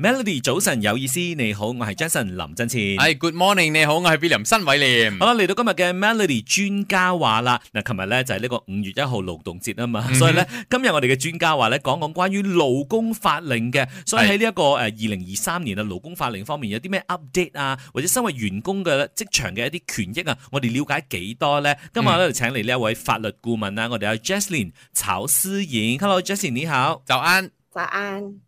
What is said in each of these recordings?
Melody 早晨有意思，你好，我係 Jason 林振前。Hey, good morning，你好，我係 William 申偉廉。好啦，嚟到今日嘅 Melody 專家話啦，嗱，琴、就是、日咧就係呢個五月一號勞動節啊嘛，所以咧今日我哋嘅專家話咧，講講關於勞工法令嘅，所以喺呢一個誒二零二三年嘅勞工法令方面有啲咩 update 啊，或者身為員工嘅職場嘅一啲權益啊，我哋了解幾多咧？今日咧就請嚟呢一位法律顧問啊，我哋有 Jeslyn 曹思瀅。Hello，Jessie 你好。早安。早安。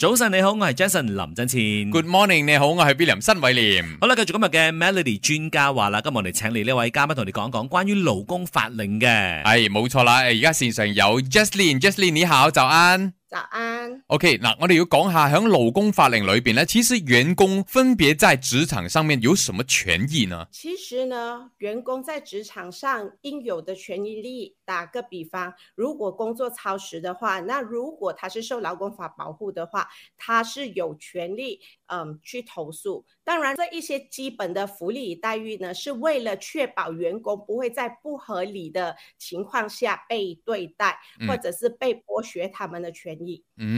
早晨你好，我係 Jason 林振前。Good morning 你好，我係 William 新偉廉。好啦，繼續今日嘅 Melody 專家話啦，今日我哋請嚟呢位嘉賓同你講講關於勞工法令嘅。係冇錯啦，而家線上有 Jeslyn，Jeslyn 你好，早安。早安。OK，嗱我哋要講一下響勞工法令裏邊呢？其實員工分別在職場上面有什麼權益呢？其實呢，員工在職場上應有的權益力，打個比方，如果工作超時的話，那如果他是受勞工法保護的話，他是有權利嗯去投訴。當然，這一些基本的福利待遇呢，是為了確保員工不會在不合理的情況下被對待，或者是被剝削他們的權益。嗯。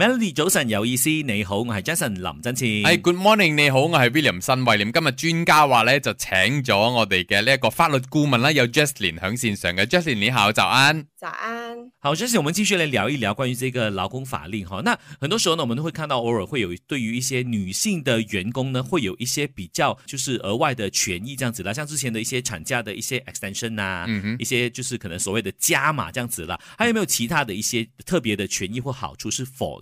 Melody 早晨有意思，你好，我是 Jason 林真志。Hey, good morning，你好，我是 William 新衛。咁今日專家話呢，就請咗我哋嘅呢一個法律顧問啦，有 Jeslyn 響線上嘅。Jeslyn 你好，早安。早安。好，Jeslyn，我們繼續嚟聊一聊關於呢個勞工法令哈。那很多時候呢，我們都會看到偶爾會有對於一些女性的員工呢，會有一些比較就是額外的權益這樣子啦。像之前的一些產假的一些 extension 啊，嗯哼、mm，hmm. 一些就是可能所謂的加碼這樣子啦。還有沒有其他的一些特別的權益或好處？是否？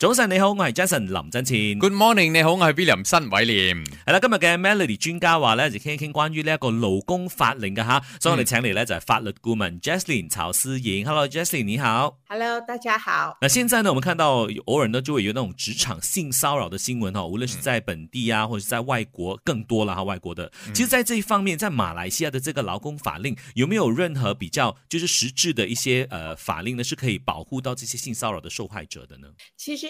早晨你好，我係 Jason 林真前。Good morning，你好，我係 William 申偉廉。係啦，今日嘅 Melody 專家話咧，就傾一傾關於呢一個勞工法令嘅吓，所以我哋請嚟咧、嗯、就法律顧問 Jeslyn 曹思瑩。Hello，Jeslyn 你好。Hello，大家好。那現在呢，我們看到偶爾呢就會有那種職場性騷擾的新聞哈，無論是在本地啊，或者在外國更多啦哈，外國的。其實，在這一方面，在馬來西亞的這個勞工法令，有沒有任何比較就是實質的一些誒、呃、法令呢，是可以保護到這些性騷擾的受害者的呢？其實。